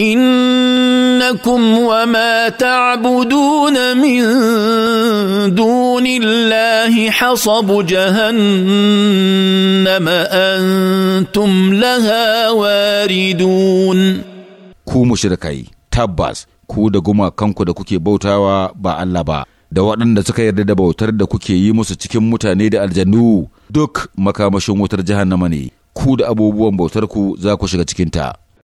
انكم وما تعبدون من دون الله حصب جهنم انتم لها واردون ku mushrikai tabbas ku da gumakanku da kuke bautawa ba Allah ba da waɗanda suka yarda da bautar da kuke yi musu cikin mutane da aljanu. duk makamashin wutar jahannama ne ku da abubuwan bautar ku za ku shiga cikinta